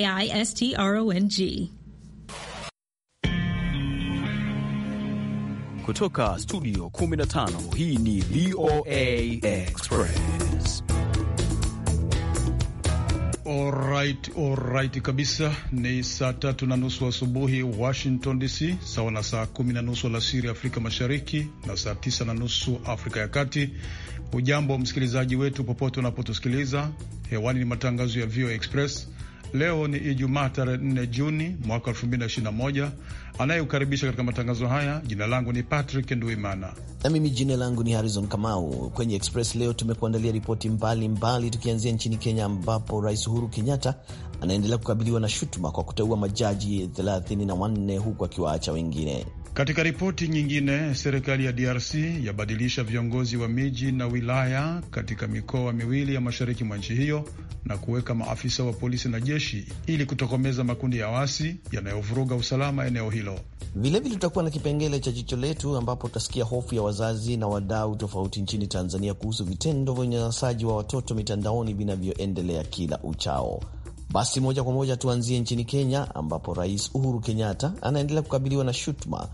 G. Kutoka studio 15 hii ni VOA Express. Alright, alright kabisa. Ni saa tatu na nusu asubuhi wa Washington DC, sawa na saa kumi na nusu alasiri Afrika Mashariki na saa tisa na nusu Afrika ya Kati. Ujambo msikilizaji wetu popote unapotusikiliza hewani, ni matangazo ya VOA Express Leo ni Ijumaa tarehe 4 Juni mwaka 2021. Anayeukaribisha katika matangazo haya, jina langu ni Patrick Nduimana. Na mimi jina langu ni Harrison Kamau. Kwenye Express leo tumekuandalia ripoti mbalimbali, tukianzia nchini Kenya ambapo Rais Uhuru Kenyatta anaendelea kukabiliwa na shutuma kwa kuteua majaji 34 huku akiwaacha wengine. Katika ripoti nyingine, serikali ya DRC yabadilisha viongozi wa miji na wilaya katika mikoa miwili ya mashariki mwa nchi hiyo na kuweka maafisa wa polisi na jeshi ili kutokomeza makundi ya wasi yanayovuruga usalama eneo hilo. Vilevile tutakuwa na kipengele cha jicho letu, ambapo tutasikia hofu ya wazazi na wadau tofauti nchini Tanzania kuhusu vitendo vya unyanyasaji wa watoto mitandaoni vinavyoendelea kila uchao. Basi moja kwa moja tuanzie nchini Kenya, ambapo Rais Uhuru Kenyatta anaendelea kukabiliwa na shutuma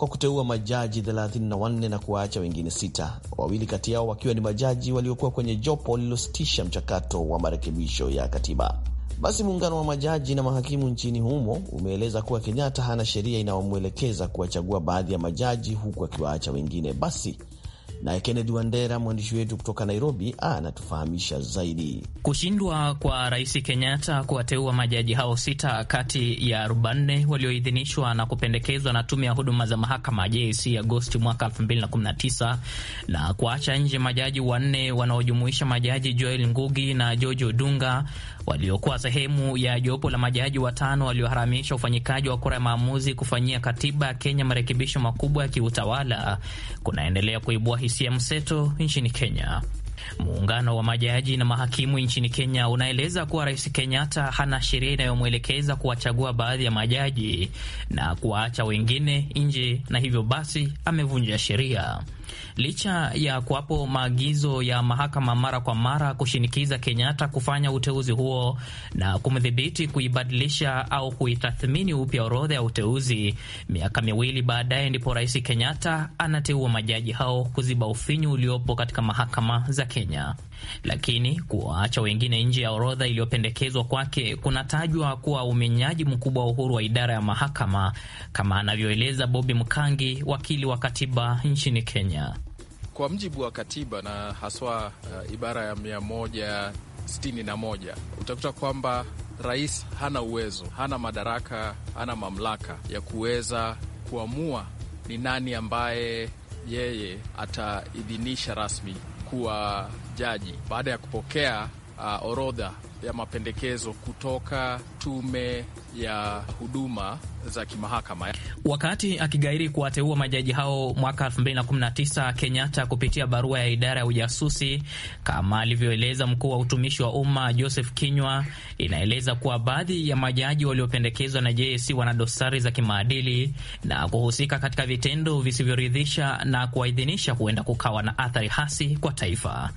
kwa kuteua majaji 34 na kuwaacha wengine sita, wawili kati yao wakiwa ni majaji waliokuwa kwenye jopo lililositisha mchakato wa marekebisho ya katiba. Basi muungano wa majaji na mahakimu nchini humo umeeleza kuwa Kenyatta hana sheria inayomwelekeza kuwachagua baadhi ya majaji huku akiwaacha wengine. Basi Naye Kennedy Wandera, mwandishi wetu kutoka Nairobi, anatufahamisha zaidi. Kushindwa kwa Rais Kenyatta kuwateua majaji hao sita kati ya 44 walioidhinishwa na kupendekezwa na tume ya huduma za mahakama JSC Agosti mwaka 2019 na kuacha nje majaji wanne wanaojumuisha majaji Joel Ngugi na George Odunga waliokuwa sehemu ya jopo la majaji watano walioharamisha ufanyikaji wa kura ya maamuzi kufanyia katiba ya Kenya marekebisho makubwa ya kiutawala kunaendelea kuibua hisia mseto nchini Kenya. Muungano wa majaji na mahakimu nchini Kenya unaeleza kuwa Rais Kenyatta hana sheria inayomwelekeza kuwachagua baadhi ya majaji na kuwaacha wengine nje, na hivyo basi amevunja sheria. Licha ya kuwapo maagizo ya mahakama mara kwa mara kushinikiza Kenyatta kufanya uteuzi huo na kumdhibiti kuibadilisha au kuitathmini upya orodha ya uteuzi, miaka miwili baadaye ndipo Rais Kenyatta anateua majaji hao kuziba ufinyu uliopo katika mahakama za Kenya lakini kuwaacha wengine nje ya orodha iliyopendekezwa kwake kunatajwa kuwa umenyaji mkubwa wa uhuru wa idara ya mahakama, kama anavyoeleza Bobi Mkangi, wakili wa katiba nchini Kenya. Kwa mjibu wa katiba na haswa uh, ibara ya 161 utakuta kwamba rais hana uwezo, hana madaraka, hana mamlaka ya kuweza kuamua ni nani ambaye yeye ataidhinisha rasmi kuwa jaji baada ya kupokea uh, orodha ya mapendekezo kutoka tume ya huduma za kimahakama. Wakati akigairi kuwateua majaji hao mwaka 2019, Kenyatta kupitia barua ya idara ya ujasusi, kama alivyoeleza mkuu wa utumishi wa umma Joseph Kinywa, inaeleza kuwa baadhi ya majaji waliopendekezwa na JSC wana dosari za kimaadili na kuhusika katika vitendo visivyoridhisha na kuwaidhinisha, huenda kukawa na athari hasi kwa taifa,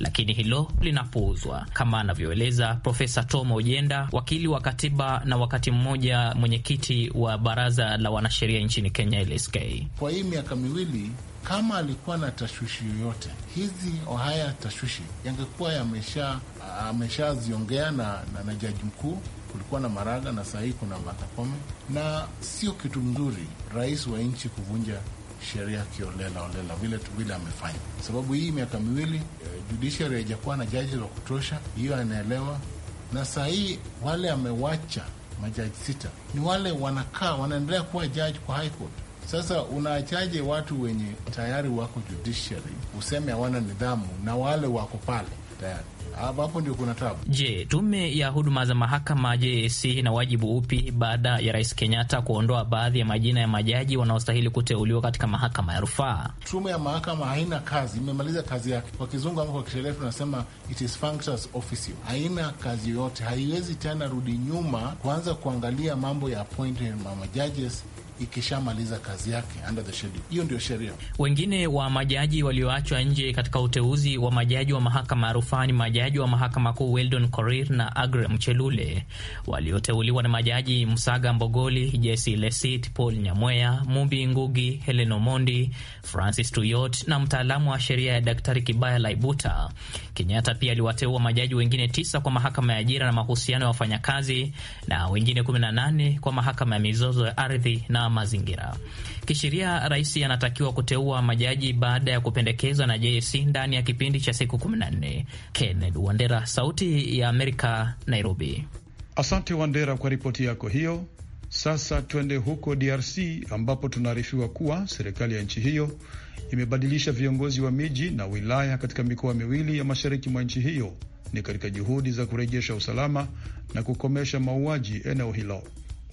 lakini hilo linapuuzwa kama anavyoeleza Profesa Tom Ojenda, wakili wa katiba na wakati mmoja mwenyekiti wa baraza la wanasheria nchini Kenya, LSK. Kwa hii miaka miwili kama alikuwa na tashwishi yoyote, hizi haya tashwishi yangekuwa ameshaziongea na, na, na jaji mkuu. Kulikuwa na Maraga na sahii kuna Martha Koome, na sio kitu mzuri rais wa nchi kuvunja sheria kiolela olela vile tu vile amefanya, sababu hii miaka miwili eh, judiciary haijakuwa na jaji wa kutosha, hiyo anaelewa. Na saa hii wale amewacha majaji sita ni wale wanakaa wanaendelea kuwa jaji kwa high court. Sasa unaachaje watu wenye tayari wako judiciary useme hawana nidhamu na wale wako pale tayari hapo ndio kuna tabu. Je, tume ya huduma za mahakama JSC ina wajibu upi baada ya Rais Kenyatta kuondoa baadhi ya majina ya majaji wanaostahili kuteuliwa katika mahakama ya rufaa? Tume ya mahakama haina kazi, imemaliza kazi yake. Kwa kizungu ama kwa Kisherefu tunasema it is functus officio, haina kazi yoyote, haiwezi tena rudi nyuma kuanza kuangalia mambo ya appointment ma ikishamaliza kazi yake under the schedule. Hiyo ndio sheria. Wengine wa majaji walioachwa nje katika uteuzi wa majaji wa mahakama ya rufaa ni majaji wa mahakama kuu Weldon Korir na Agre Mchelule, walioteuliwa na majaji Msaga Mbogoli, Jesi Lesit, Paul Nyamweya, Mumbi Ngugi, Helen Omondi, Francis Tuyot na mtaalamu wa sheria ya Daktari Kibaya Laibuta. Kenyatta pia aliwateua majaji wengine tisa kwa mahakama ya ajira na mahusiano ya wafanyakazi na wengine 18 kwa mahakama ya mizozo ya ardhi na mazingira. Kisheria, rais anatakiwa kuteua majaji baada ya kupendekezwa na JC ndani ya kipindi cha siku 14. Kenneth Wandera, Sauti ya Amerika, Nairobi. Asante Wandera kwa ripoti yako hiyo. Sasa twende huko DRC ambapo tunaarifiwa kuwa serikali ya nchi hiyo imebadilisha viongozi wa miji na wilaya katika mikoa miwili ya mashariki mwa nchi hiyo. Ni katika juhudi za kurejesha usalama na kukomesha mauaji eneo hilo.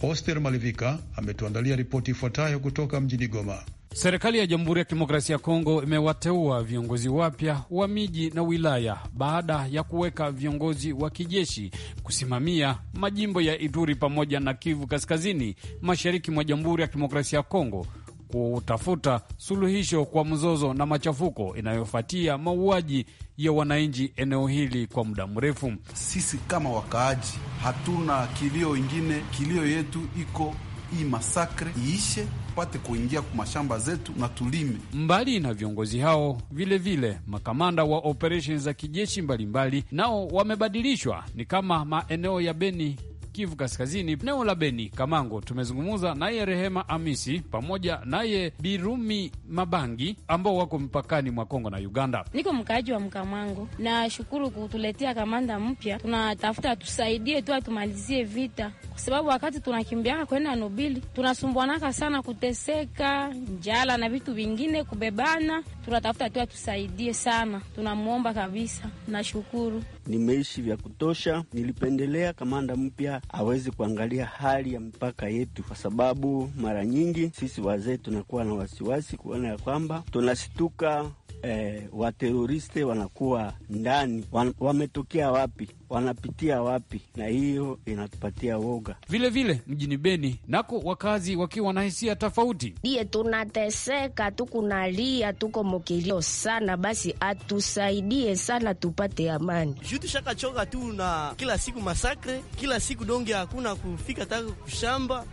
Oster Malivika ametuandalia ripoti ifuatayo kutoka mjini Goma. Serikali ya Jamhuri ya Kidemokrasia ya Kongo imewateua viongozi wapya wa miji na wilaya baada ya kuweka viongozi wa kijeshi kusimamia majimbo ya Ituri pamoja na Kivu Kaskazini, mashariki mwa Jamhuri ya Kidemokrasia ya Kongo kutafuta suluhisho kwa mzozo na machafuko inayofuatia mauaji ya wananchi eneo hili kwa muda mrefu. Sisi kama wakaaji hatuna kilio ingine, kilio yetu iko hii masakre iishe, pate kuingia kwa mashamba zetu na tulime. Mbali na viongozi hao, vilevile vile, makamanda wa operesheni za kijeshi mbalimbali nao wamebadilishwa, ni kama maeneo ya Beni Kivu Kaskazini, eneo la Beni Kamango. Tumezungumza naye Rehema Amisi pamoja naye Birumi Mabangi ambao wako mpakani mwa Kongo na Uganda. Niko mkaaji wa Mkamango, nashukuru kutuletea kamanda mpya. Tunatafuta tusaidie tu atumalizie vita, kwa sababu wakati tunakimbiaka kwenda Nobili tunasumbuanaka sana, kuteseka njala na vitu vingine kubebana tunatafuta tu atusaidie sana, tunamwomba kabisa. Nashukuru nimeishi vya kutosha. Nilipendelea kamanda mpya aweze kuangalia hali ya mpaka yetu, kwa sababu mara nyingi sisi wazee tunakuwa na wasiwasi kuona ya kwamba tunasituka eh, wateroriste wanakuwa ndani wan, wametokea wapi, wanapitia wapi, na hiyo inatupatia woga vilevile vile, mjini Beni nako wakazi wakiwa na hisia tofauti. Ndiye tunateseka tukunalia, tuko mokelio sana, basi atusaidie sana tupate amani juu tushakachoka tu na kila siku masakre, kila siku donge, hakuna kufika taka kushamba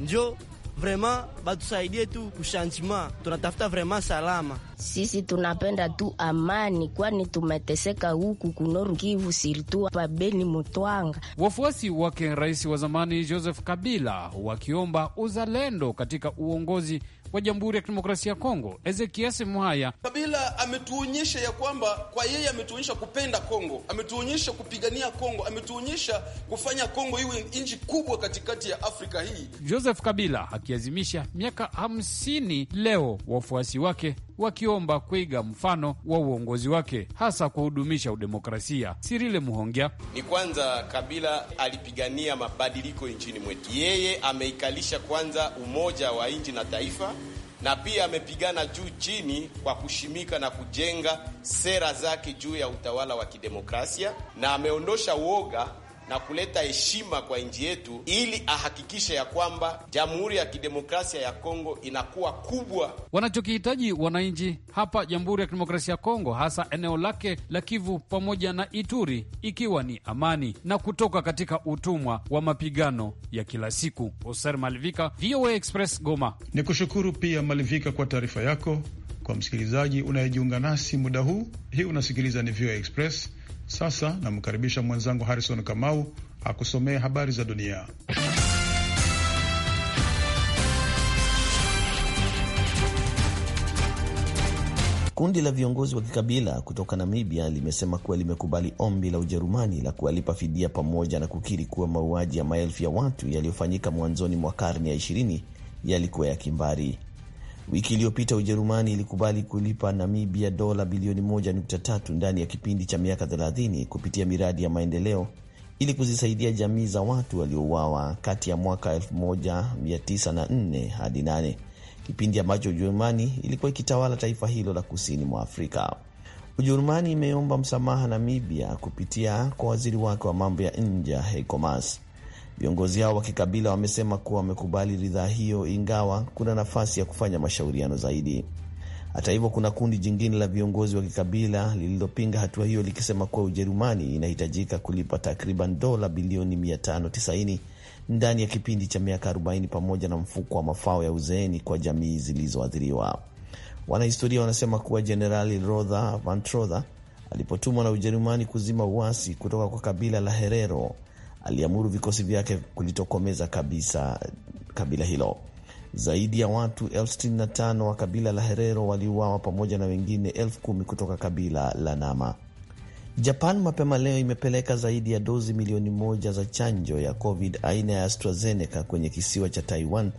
njo Vraiment batusaidie tu kushanjima, tunatafuta vraiment salama. Sisi tunapenda tu amani, kwani tumeteseka huku kunoru Kivu siritu pabeni Mutwanga. Wafuasi wake rais wa zamani Joseph Kabila wakiomba uzalendo katika uongozi wa Jamhuri ya Kidemokrasia ya Kongo Ezekias Mwaya. Kabila ametuonyesha ya kwamba kwa yeye ametuonyesha kupenda Kongo, ametuonyesha kupigania Kongo, ametuonyesha kufanya Kongo iwe nchi kubwa katikati ya Afrika hii. Joseph Kabila akiazimisha miaka hamsini leo wafuasi wake wakiomba kuiga mfano wa uongozi wake hasa kuhudumisha udemokrasia. Sirile Muhongia: ni kwanza Kabila alipigania mabadiliko nchini mwetu, yeye ameikalisha kwanza umoja wa nchi na taifa na pia amepigana juu chini kwa kushimika na kujenga sera zake juu ya utawala wa kidemokrasia na ameondosha uoga na kuleta heshima kwa nchi yetu, ili ahakikishe ya kwamba Jamhuri ya Kidemokrasia ya Kongo inakuwa kubwa. Wanachokihitaji wananchi hapa Jamhuri ya Kidemokrasia ya Kongo, hasa eneo lake la Kivu pamoja na Ituri, ikiwa ni amani na kutoka katika utumwa wa mapigano ya kila siku. Oser Malivika, VOA Express, Goma. Ni kushukuru pia Malivika kwa taarifa yako. Kwa msikilizaji unayejiunga nasi muda huu, hii unasikiliza ni VOA Express. Sasa namkaribisha mwenzangu Harrison Kamau akusomee habari za dunia. Kundi la viongozi wa kikabila kutoka Namibia limesema kuwa limekubali ombi la Ujerumani la kuwalipa fidia pamoja na kukiri kuwa mauaji ya maelfu ya watu yaliyofanyika mwanzoni mwa karne ya 20 yalikuwa ya kimbari. Wiki iliyopita Ujerumani ilikubali kulipa Namibia dola bilioni 1.3 ndani ya kipindi cha miaka 30 kupitia miradi ya maendeleo ili kuzisaidia jamii za watu waliouawa kati ya mwaka 1904 hadi 8, kipindi ambacho Ujerumani ilikuwa ikitawala taifa hilo la kusini mwa Afrika. Ujerumani imeomba msamaha Namibia kupitia kwa waziri wake wa mambo ya nje Heiko Maas. Viongozi hao wa kikabila wamesema kuwa wamekubali ridhaa hiyo, ingawa kuna nafasi ya kufanya mashauriano zaidi. Hata hivyo, kuna kundi jingine la viongozi wa kikabila lililopinga hatua hiyo likisema kuwa Ujerumani inahitajika kulipa takriban dola bilioni 590 ndani ya kipindi cha miaka 40 pamoja na mfuko wa mafao ya uzeeni kwa jamii zilizoathiriwa. Wanahistoria wanasema kuwa Jenerali Rodha Van alipotumwa na Ujerumani kuzima uasi kutoka kwa kabila la Herero aliamuru vikosi vyake kulitokomeza kabisa kabila hilo. Zaidi ya watu elfu 65 wa kabila la Herero waliuawa pamoja na wengine elfu kumi kutoka kabila la Nama. Japan mapema leo imepeleka zaidi ya dozi milioni moja za chanjo ya COVID aina ya AstraZeneca kwenye kisiwa cha Taiwan,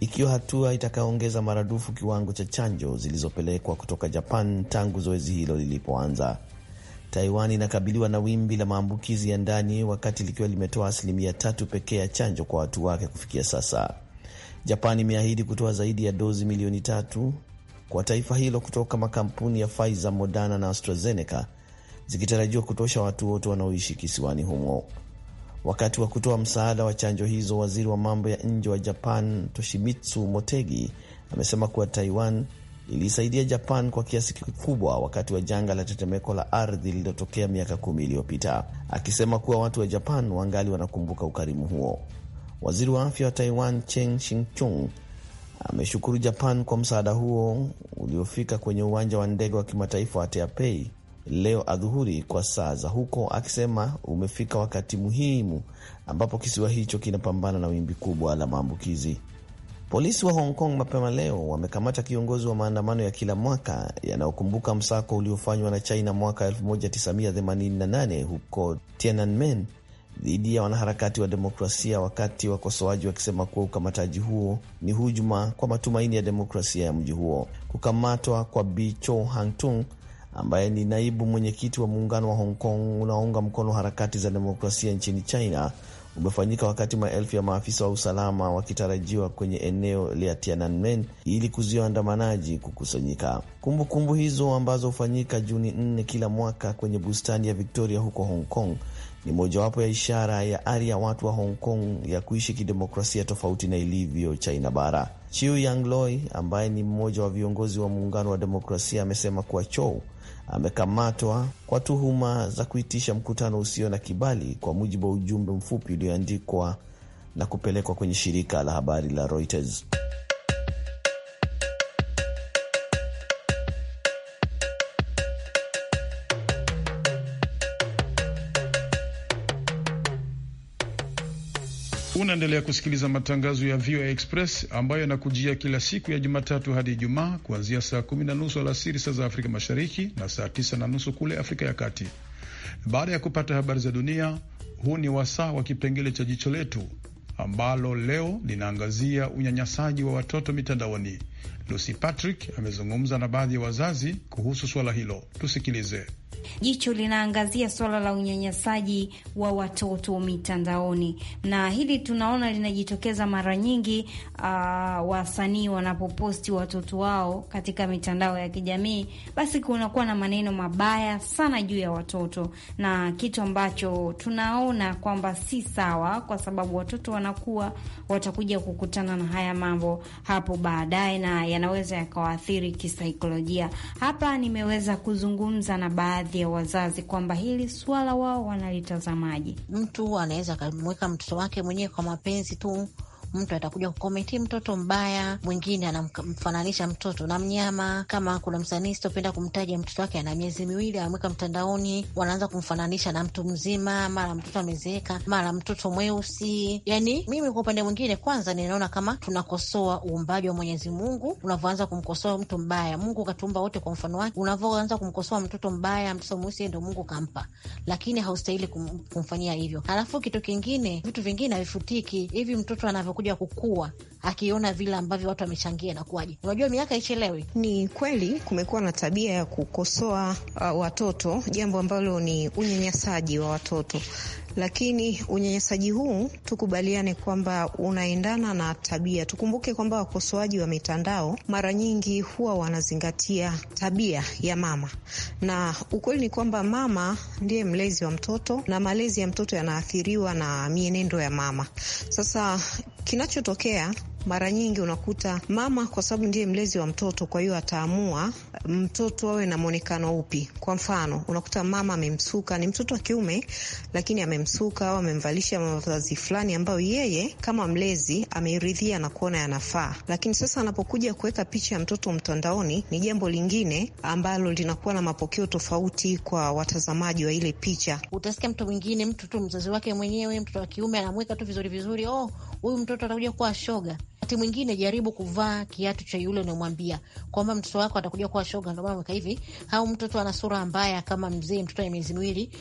ikiwa hatua itakayoongeza maradufu kiwango cha chanjo zilizopelekwa kutoka Japan tangu zoezi hilo lilipoanza. Taiwan inakabiliwa na wimbi la maambukizi ya ndani wakati likiwa limetoa asilimia tatu pekee ya chanjo kwa watu wake kufikia sasa. Japan imeahidi kutoa zaidi ya dozi milioni tatu kwa taifa hilo kutoka makampuni ya Pfizer, Moderna na AstraZeneca zikitarajiwa kutosha watu wote wanaoishi kisiwani humo. Wakati wa kutoa msaada wa chanjo hizo, waziri wa mambo ya nje wa Japan Toshimitsu Motegi amesema kuwa Taiwan lilisaidia Japan kwa kiasi kikubwa wakati wa janga la tetemeko la ardhi lililotokea miaka kumi iliyopita, akisema kuwa watu wa Japan wangali wanakumbuka ukarimu huo. Waziri wa afya wa Taiwan Cheng Shih-chung ameshukuru Japan kwa msaada huo uliofika kwenye uwanja wa ndege wa kimataifa wa Taipei leo adhuhuri kwa saa za huko, akisema umefika wakati muhimu ambapo kisiwa hicho kinapambana na wimbi kubwa la maambukizi. Polisi wa Hong Kong mapema leo wamekamata kiongozi wa maandamano ya kila mwaka yanayokumbuka msako uliofanywa na China mwaka 1988 huko Tiananmen dhidi ya wanaharakati wa demokrasia, wakati wakosoaji wakisema kuwa ukamataji huo ni hujuma kwa matumaini ya demokrasia ya mji huo. Kukamatwa kwa Bi Cho Hangtung ambaye ni naibu mwenyekiti wa muungano wa Hong Kong unaounga mkono harakati za demokrasia nchini China umefanyika wakati maelfu ya maafisa wa usalama wakitarajiwa kwenye eneo la Tiananmen ili kuzuia waandamanaji kukusanyika. Kumbukumbu hizo ambazo hufanyika Juni nne kila mwaka kwenye bustani ya Victoria huko Hong Kong ni mojawapo ya ishara ya ari ya watu wa Hong Kong ya kuishi kidemokrasia tofauti na ilivyo China bara. Chiu Yang Loi ambaye ni mmoja wa viongozi wa muungano wa demokrasia amesema kuwa Chou amekamatwa kwa tuhuma za kuitisha mkutano usio na kibali, kwa mujibu wa ujumbe mfupi ulioandikwa na kupelekwa kwenye shirika la habari la Reuters. Unaendelea kusikiliza matangazo ya VOA Express ambayo yanakujia kila siku ya Jumatatu hadi Ijumaa kuanzia saa kumi na nusu alasiri saa za Afrika Mashariki na saa tisa na nusu kule Afrika ya Kati. Baada ya kupata habari za dunia, huu ni wasaa wa kipengele cha jicho letu ambalo leo linaangazia unyanyasaji wa watoto mitandaoni. Lucy Patrick amezungumza na baadhi ya wazazi kuhusu suala hilo. Tusikilize. Jicho linaangazia swala la unyanyasaji wa watoto mitandaoni, na hili tunaona linajitokeza mara nyingi. Uh, wasanii wanapoposti watoto wao katika mitandao ya kijamii, basi kunakuwa na maneno mabaya sana juu ya watoto, na kitu ambacho tunaona kwamba si sawa, kwa sababu watoto wanakuwa watakuja kukutana na haya mambo hapo baadaye na yanaweza yakawaathiri kisaikolojia. Hapa nimeweza kuzungumza na baadhi ya wazazi kwamba hili swala wao wanalitazamaje. Mtu anaweza akamweka mtoto wake mwenyewe kwa mapenzi tu mtu atakuja kukomenti mtoto mbaya, mwingine anamfananisha mtoto na mnyama. Kama kuna msanii sitopenda kumtaja, mtoto wake ana miezi miwili, ameweka mtandaoni, wanaanza kumfananisha na mtu mzima, mara mtoto amezeeka, mara mtoto mweusi. Yani mimi kwa upande mwingine, kwanza ninaona kama tunakosoa uumbaji wa Mwenyezi Mungu unavyoanza kumkosoa mtu mbaya. Mungu katuumba wote kwa mfano wake, unavyoanza kumkosoa mtoto mbaya, mtoto mweusi ndo Mungu kampa, lakini haustahili kum, kumfanyia hivyo. Alafu kitu kingine, vitu vingine havifutiki hivi mtoto anavyo anakuja kukua akiona vile ambavyo watu wamechangia inakuwaje. Unajua, miaka ichelewi. Ni kweli kumekuwa na tabia ya kukosoa uh, watoto, jambo ambalo ni unyanyasaji wa watoto, lakini unyanyasaji huu tukubaliane kwamba unaendana na tabia. Tukumbuke kwamba wakosoaji wa mitandao mara nyingi huwa wanazingatia tabia ya mama, na ukweli ni kwamba mama ndiye mlezi wa mtoto na malezi ya mtoto yanaathiriwa na mienendo ya mama. Sasa kinachotokea mara nyingi unakuta mama, kwa sababu ndiye mlezi wa mtoto, kwa hiyo ataamua eh, mtoto awe na mwonekano upi. Kwa mfano, unakuta mama amemsuka, ni mtoto wa kiume, lakini amemsuka au amemvalisha mavazi fulani ambayo yeye kama mlezi ameridhia na kuona yanafaa, lakini sasa anapokuja kuweka picha ya mtoto mtandaoni ni jambo lingine ambalo linakuwa na mapokeo tofauti kwa watazamaji wa ile picha. Utasikia mtu mwingine, mtu tu mzazi wake mwenyewe, mtoto wa kiume anamweka tu vizuri vizuri, oh huyu mtoto atakuja kuwa shoga. Wakati mwingine jaribu kuvaa kiatu cha yule unamwambia kwamba mtoto wako atakuja kuwa shoga, ndomana maana hivi, au mtoto ana sura mbaya kama mzee, mtoto ana miezi miwili.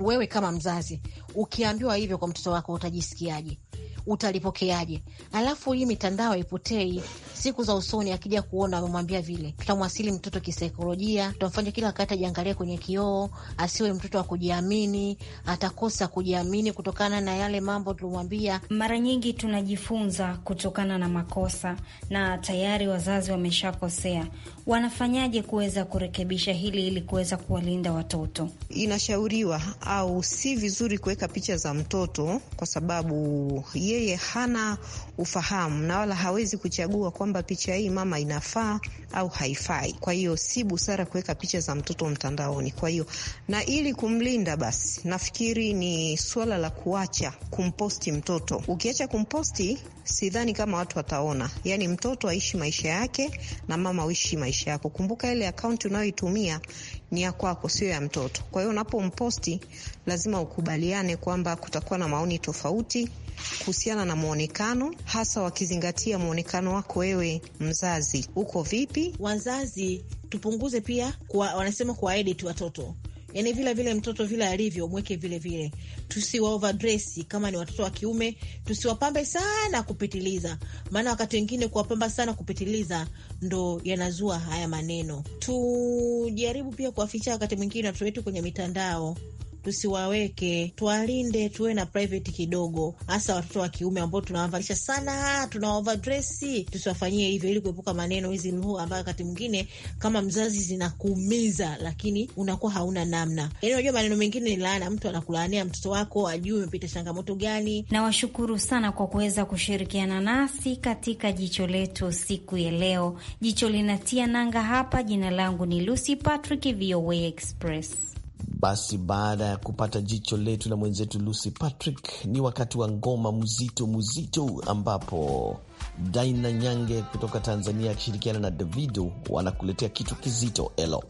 Wewe kama mzazi ukiambiwa hivyo kwa mtoto wako utajisikiaje? Utalipokeaje? Alafu hii mitandao ipotei siku za usoni, akija kuona amemwambia vile, tutamwasili mtoto kisaikolojia, tutamfanya kila wakati ajiangalie kwenye kioo, asiwe mtoto wa kujiamini, atakosa kujiamini kutokana na yale mambo tulimwambia. Mara nyingi tunajifunza kutokana na makosa, na tayari wazazi wameshakosea. Wanafanyaje kuweza kurekebisha hili ili kuweza kuwalinda watoto? Inashauriwa au si vizuri kuweka kuweka picha za mtoto, kwa sababu yeye hana ufahamu na wala hawezi kuchagua kwamba picha hii mama inafaa au haifai. Kwa hiyo si busara kuweka picha za mtoto mtandaoni. Kwa hiyo na ili kumlinda, basi nafikiri ni suala la kuacha kumposti mtoto. Ukiacha kumposti, sidhani kama watu wataona. Yani mtoto aishi maisha yake na mama uishi maisha yako. Kumbuka ile akaunti unayoitumia ni ya kwako, sio ya mtoto. Kwa hiyo unapomposti lazima ukubaliane kwamba kutakuwa na maoni tofauti kuhusiana na mwonekano, hasa wakizingatia mwonekano wako wewe mzazi uko vipi. Wazazi tupunguze pia kwa, wanasema kuwaedit watoto yani vile vile mtoto vile alivyo mweke vile vile, tusiwa overdress kama ni watoto wa kiume, tusiwapambe sana kupitiliza, maana wakati wengine kuwapamba sana kupitiliza ndo yanazua haya maneno. Tujaribu pia kuwaficha wakati mwingine watoto wetu kwenye mitandao tusiwaweke, tuwalinde, tuwe na private kidogo, hasa watoto wa kiume ambao tunawavalisha sana, tunaovadresi, tusiwafanyie hivyo, ili kuepuka maneno hizi mhu, ambayo wakati mwingine kama mzazi zinakuumiza, lakini unakuwa hauna namna. Yani unajua maneno mengine ni laana, mtu anakulaania mtoto wako, ajui umepita changamoto gani. Nawashukuru sana kwa kuweza kushirikiana nasi katika jicho letu siku ya leo. Jicho linatia nanga hapa. Jina langu ni Lucy Patrick, VOA Express. Basi baada ya kupata jicho letu na mwenzetu Lucy Patrick, ni wakati wa ngoma mzito mzito, ambapo Daina Nyange kutoka Tanzania akishirikiana na Davido wanakuletea kitu kizito elo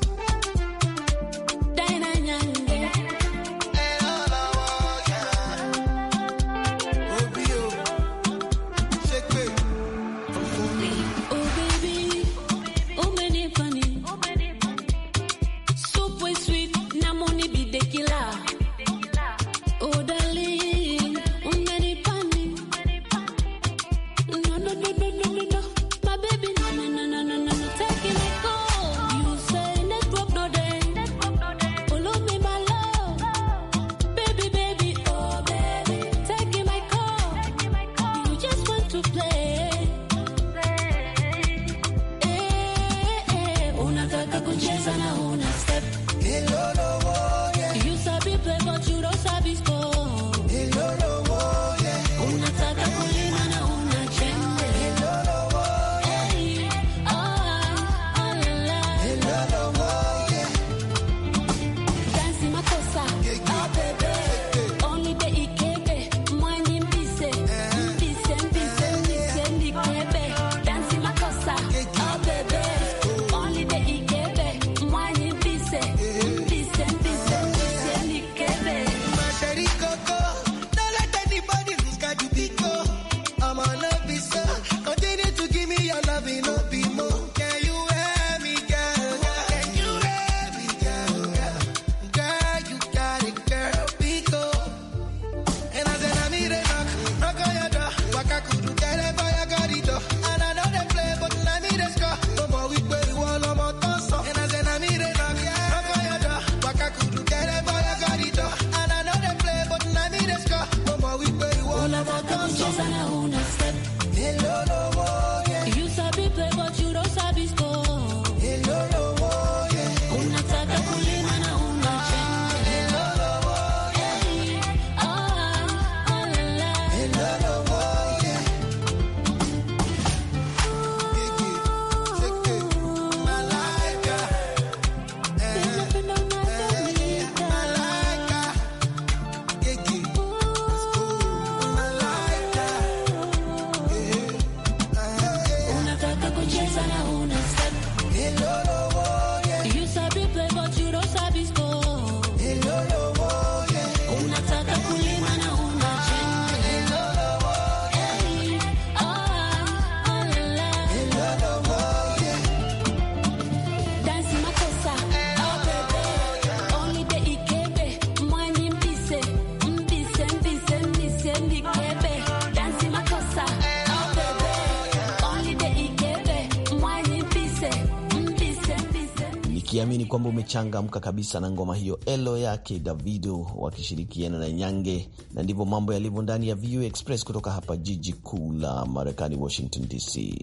alichangamka kabisa na ngoma hiyo elo yake Davido wakishirikiana na Nyange, na ndivyo mambo yalivyo ndani ya VOA Express kutoka hapa jiji kuu la Marekani, Washington DC.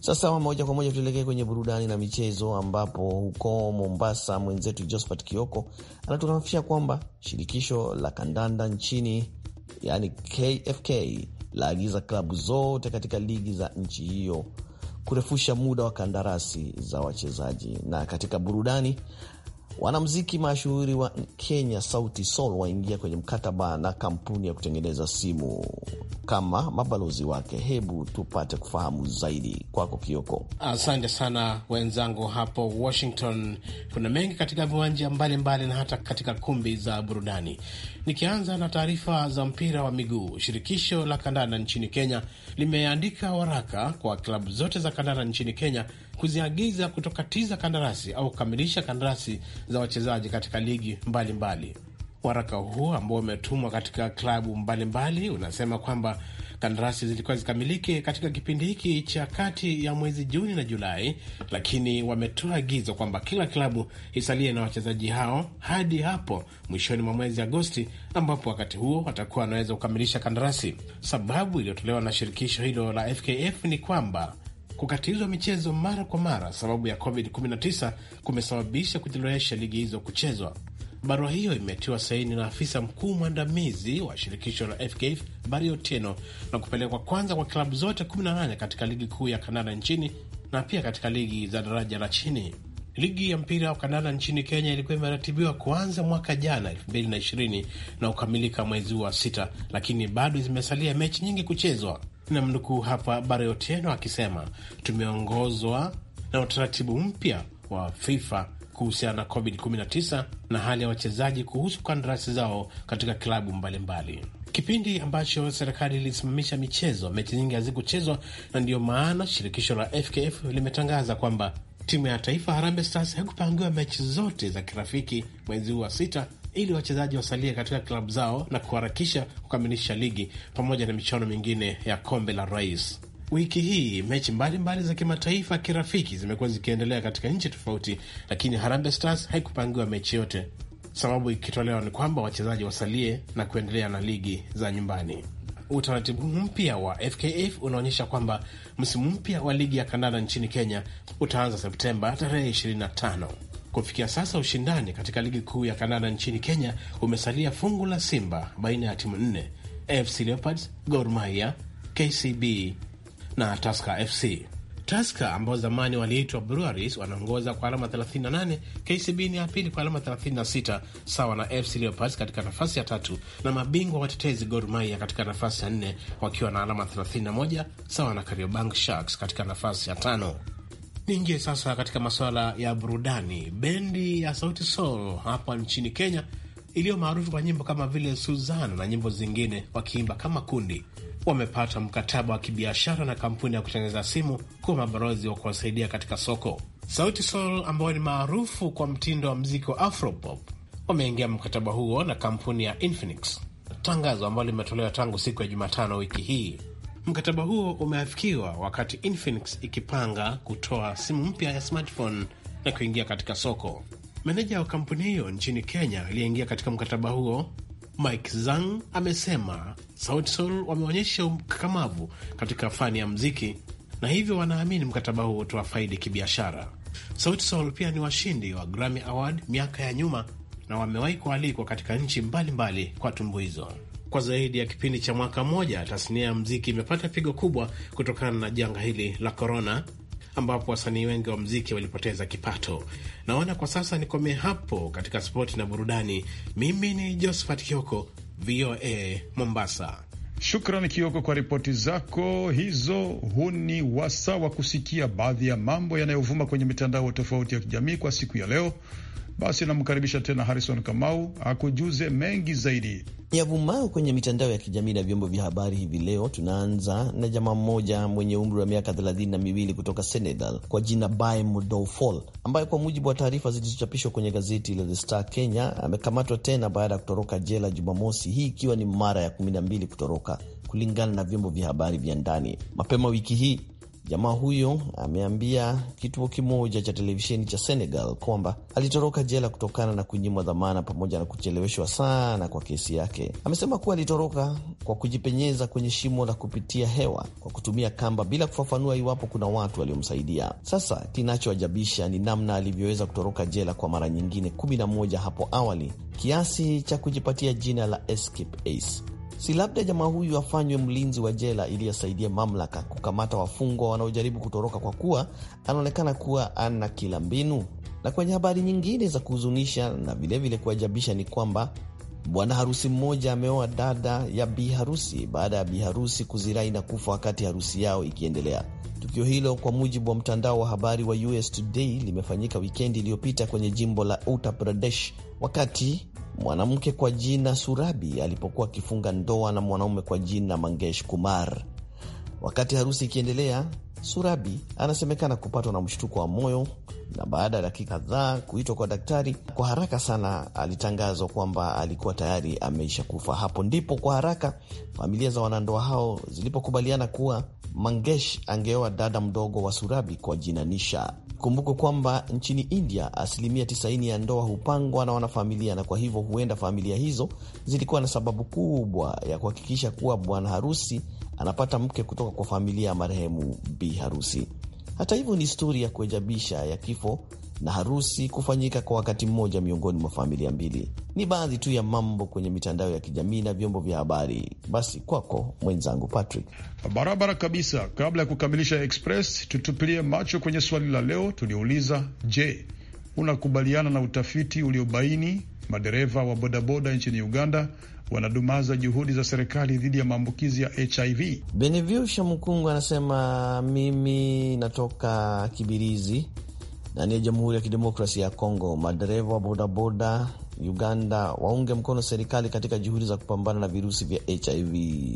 Sasa moja kwa moja tuelekee kwenye burudani na michezo, ambapo huko Mombasa mwenzetu Josphat Kioko anatuhafisha kwamba shirikisho la kandanda nchini, yani KFK, laagiza klabu zote katika ligi za nchi hiyo kurefusha muda wa kandarasi za wachezaji. Na katika burudani, wanamziki mashuhuri wa Kenya Sauti Sol waingia kwenye mkataba na kampuni ya kutengeneza simu kama mabalozi wake. Hebu tupate kufahamu zaidi kwako, Kioko. Asante sana wenzangu hapo Washington. Kuna mengi katika viwanja mbalimbali na hata katika kumbi za burudani. Nikianza na taarifa za mpira wa miguu, shirikisho la kandanda nchini Kenya limeandika waraka kwa klabu zote za kandanda nchini Kenya kuziagiza kutokatiza kandarasi au kukamilisha kandarasi za wachezaji katika ligi mbalimbali mbali. Waraka huu ambao umetumwa katika klabu mbalimbali unasema kwamba Kandarasi zilikuwa zikamilike katika kipindi hiki cha kati ya mwezi Juni na Julai, lakini wametoa agizo kwamba kila klabu isalie na wachezaji hao hadi hapo mwishoni mwa mwezi Agosti, ambapo wakati huo watakuwa wanaweza kukamilisha kandarasi. Sababu iliyotolewa na shirikisho hilo la FKF ni kwamba kukatizwa michezo mara kwa mara sababu ya COVID-19 kumesababisha kuchelewesha ligi hizo kuchezwa. Barua hiyo imetiwa saini na afisa mkuu mwandamizi wa shirikisho la FKF Barry Otieno na kupelekwa kwanza kwa klabu zote 18 katika ligi kuu ya Kanada nchini na pia katika ligi za daraja la chini. Ligi ya mpira wa Kanada nchini Kenya ilikuwa imeratibiwa kuanza mwaka jana 2020 na kukamilika mwezi wa sita, lakini bado zimesalia mechi nyingi kuchezwa. mnukuu hapa Barry Otieno akisema, tumeongozwa na utaratibu mpya wa FIFA kuhusiana na COVID-19 na hali ya wachezaji kuhusu kandarasi zao katika klabu mbalimbali mbali. Kipindi ambacho serikali ilisimamisha michezo, mechi nyingi hazikuchezwa, na ndiyo maana shirikisho la FKF limetangaza kwamba timu ya taifa Harambee Stars haikupangiwa mechi zote za kirafiki mwezi huu wa sita ili wachezaji wasalie katika klabu zao na kuharakisha kukamilisha ligi pamoja na michuano mingine ya kombe la Rais. Wiki hii mechi mbalimbali za kimataifa kirafiki zimekuwa zikiendelea katika nchi tofauti, lakini Harambee Stars haikupangiwa mechi yote, sababu ikitolewa ni kwamba wachezaji wasalie na kuendelea na ligi za nyumbani. Utaratibu mpya wa FKF unaonyesha kwamba msimu mpya wa ligi ya kandanda nchini Kenya utaanza Septemba tarehe 25. Kufikia sasa ushindani katika ligi kuu ya kandanda nchini Kenya umesalia fungu la Simba baina ya timu nne: FC Leopards, Gor Mahia, KCB na Tusker FC. Tusker ambao zamani waliitwa Breweries wanaongoza kwa alama 38. KCB ni ya pili kwa alama 36 sawa na FC Leopards katika nafasi ya tatu, na mabingwa watetezi Gor Mahia katika nafasi ya nne wakiwa na alama 31 sawa na Kariobangi Sharks katika nafasi ya tano. Niingie sasa katika masuala ya burudani. Bendi ya Sauti Sol hapa nchini Kenya iliyo maarufu kwa nyimbo kama vile Suzana na nyimbo zingine, wakiimba kama kundi. Wamepata mkataba wa kibiashara na kampuni ya kutengeneza simu kuwa mabalozi wa kuwasaidia katika soko. Sauti Sol ambayo ni maarufu kwa mtindo wa mziki wa Afropop wameingia mkataba huo na kampuni ya Infinix, tangazo ambalo limetolewa tangu siku ya Jumatano wiki hii. Mkataba huo umeafikiwa wakati Infinix ikipanga kutoa simu mpya ya smartphone na kuingia katika soko. Meneja wa kampuni hiyo nchini Kenya aliyeingia katika mkataba huo Mike zang amesema Sauti Sol wameonyesha ukakamavu katika fani ya mziki na hivyo wanaamini mkataba huo utawafaidi kibiashara. Sauti Sol pia ni washindi wa Grammy Award miaka ya nyuma na wamewahi kualikwa katika nchi mbalimbali mbali kwa tumbuizo. Kwa zaidi ya kipindi cha mwaka mmoja, tasnia ya mziki imepata pigo kubwa kutokana na janga hili la korona ambapo wasanii wengi wa mziki walipoteza kipato. Naona kwa sasa nikomee hapo katika spoti na burudani. Mimi ni Josephat Kioko, VOA Mombasa. Shukran Kioko kwa ripoti zako hizo. Huu ni wasaa wa kusikia baadhi ya mambo yanayovuma kwenye mitandao tofauti ya kijamii kwa siku ya leo. Basi namkaribisha tena Harrison Kamau akujuze mengi zaidi yavumao kwenye mitandao ya kijamii na vyombo vya habari hivi leo. Tunaanza na jamaa mmoja mwenye umri wa miaka thelathini na miwili kutoka Senegal kwa jina Baye Modoufal, ambaye kwa mujibu wa taarifa zilizochapishwa kwenye gazeti la The Star Kenya amekamatwa tena baada ya kutoroka jela Jumamosi, hii ikiwa ni mara ya kumi na mbili kutoroka kulingana na vyombo vya habari vya ndani. Mapema wiki hii Jamaa huyo ameambia kituo kimoja cha televisheni cha Senegal kwamba alitoroka jela kutokana na kunyimwa dhamana pamoja na kucheleweshwa sana kwa kesi yake. Amesema kuwa alitoroka kwa kujipenyeza kwenye shimo la kupitia hewa kwa kutumia kamba bila kufafanua iwapo kuna watu waliomsaidia. Sasa kinachoajabisha ni namna alivyoweza kutoroka jela kwa mara nyingine 11 hapo awali kiasi cha kujipatia jina la Escape Ace. Si labda jamaa huyu afanywe mlinzi wa jela ili asaidie mamlaka kukamata wafungwa wanaojaribu kutoroka, kwa kuwa anaonekana kuwa ana kila mbinu. Na kwenye habari nyingine za kuhuzunisha na vilevile kuajabisha ni kwamba Bwana harusi mmoja ameoa dada ya bi harusi baada ya bi harusi kuzirai na kufa wakati harusi yao ikiendelea. Tukio hilo kwa mujibu wa mtandao wa habari wa US Today limefanyika wikendi iliyopita kwenye jimbo la Uttar Pradesh wakati mwanamke kwa jina Surabi alipokuwa akifunga ndoa na mwanaume kwa jina Mangesh Kumar. Wakati harusi ikiendelea, Surabi anasemekana kupatwa na mshtuko wa moyo na baada ya dakika kadhaa kuitwa kwa daktari, kwa haraka sana alitangazwa kwamba alikuwa tayari ameisha kufa. Hapo ndipo kwa haraka familia za wanandoa hao zilipokubaliana kuwa Mangesh angeoa dada mdogo wa Surabi kwa jina Nisha. Kumbuka kwamba nchini India asilimia 90 ya ndoa hupangwa na wanafamilia, na kwa hivyo huenda familia hizo zilikuwa na sababu kubwa ya kuhakikisha kuwa bwana harusi anapata mke kutoka kwa familia ya marehemu Bi harusi. Hata hivyo, ni stori ya kuajabisha ya kifo na harusi kufanyika kwa wakati mmoja miongoni mwa familia mbili. Ni baadhi tu ya mambo kwenye mitandao ya kijamii na vyombo vya habari. Basi kwako mwenzangu Patrick. Barabara kabisa. Kabla ya kukamilisha Express, tutupilie macho kwenye swali la leo. Tuliuliza, je, unakubaliana na utafiti uliobaini Madereva wa bodaboda nchini Uganda wanadumaza juhudi za serikali dhidi ya maambukizi ya HIV. Beneviusha Mkungu anasema mimi natoka Kibirizi ndani ya Jamhuri ya Kidemokrasia ya Kongo. Madereva wa bodaboda Uganda waunge mkono serikali katika juhudi za kupambana na virusi vya HIV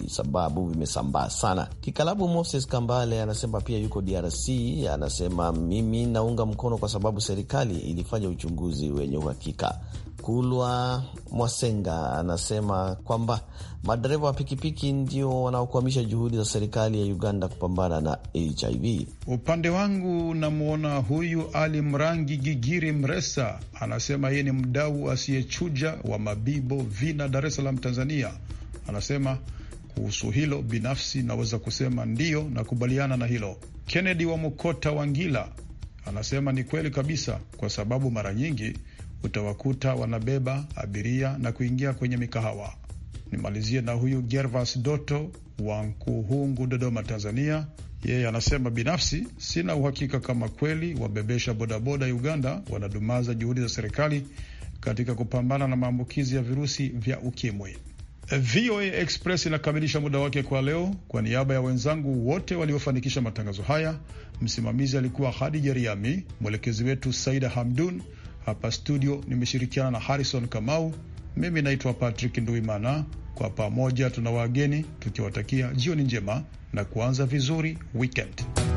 sababu vimesambaa sana. Kikalabu Moses Kambale anasema pia yuko DRC, anasema mimi naunga mkono kwa sababu serikali ilifanya uchunguzi wenye uhakika. Kulwa Mwasenga anasema kwamba madereva wa pikipiki ndio wanaokwamisha juhudi za serikali ya Uganda kupambana na HIV. Upande wangu namwona huyu Ali Mrangi Gigiri Mresa, anasema yeye ni mdau asiyechuja wa Mabibo Vina, Dar es Salaam, Tanzania. Anasema kuhusu hilo binafsi naweza kusema ndiyo, nakubaliana na hilo. Kennedy wa wa Ngila anasema ni kweli kabisa, kwa sababu mara nyingi utawakuta wanabeba abiria na kuingia kwenye mikahawa. Nimalizie na huyu Gervas Doto wa Nkuhungu, Dodoma, Tanzania. Yeye anasema binafsi, sina uhakika kama kweli wabebesha bodaboda Uganda wanadumaza juhudi za serikali katika kupambana na maambukizi ya virusi vya ukimwi. VOA Express inakamilisha muda wake kwa leo. Kwa niaba ya wenzangu wote waliofanikisha matangazo haya, msimamizi alikuwa Hadija Riami, mwelekezi wetu Saida Hamdun. Hapa studio nimeshirikiana na Harrison Kamau. Mimi naitwa Patrick Nduimana. Kwa pamoja tuna wageni tukiwatakia jioni njema na kuanza vizuri weekend.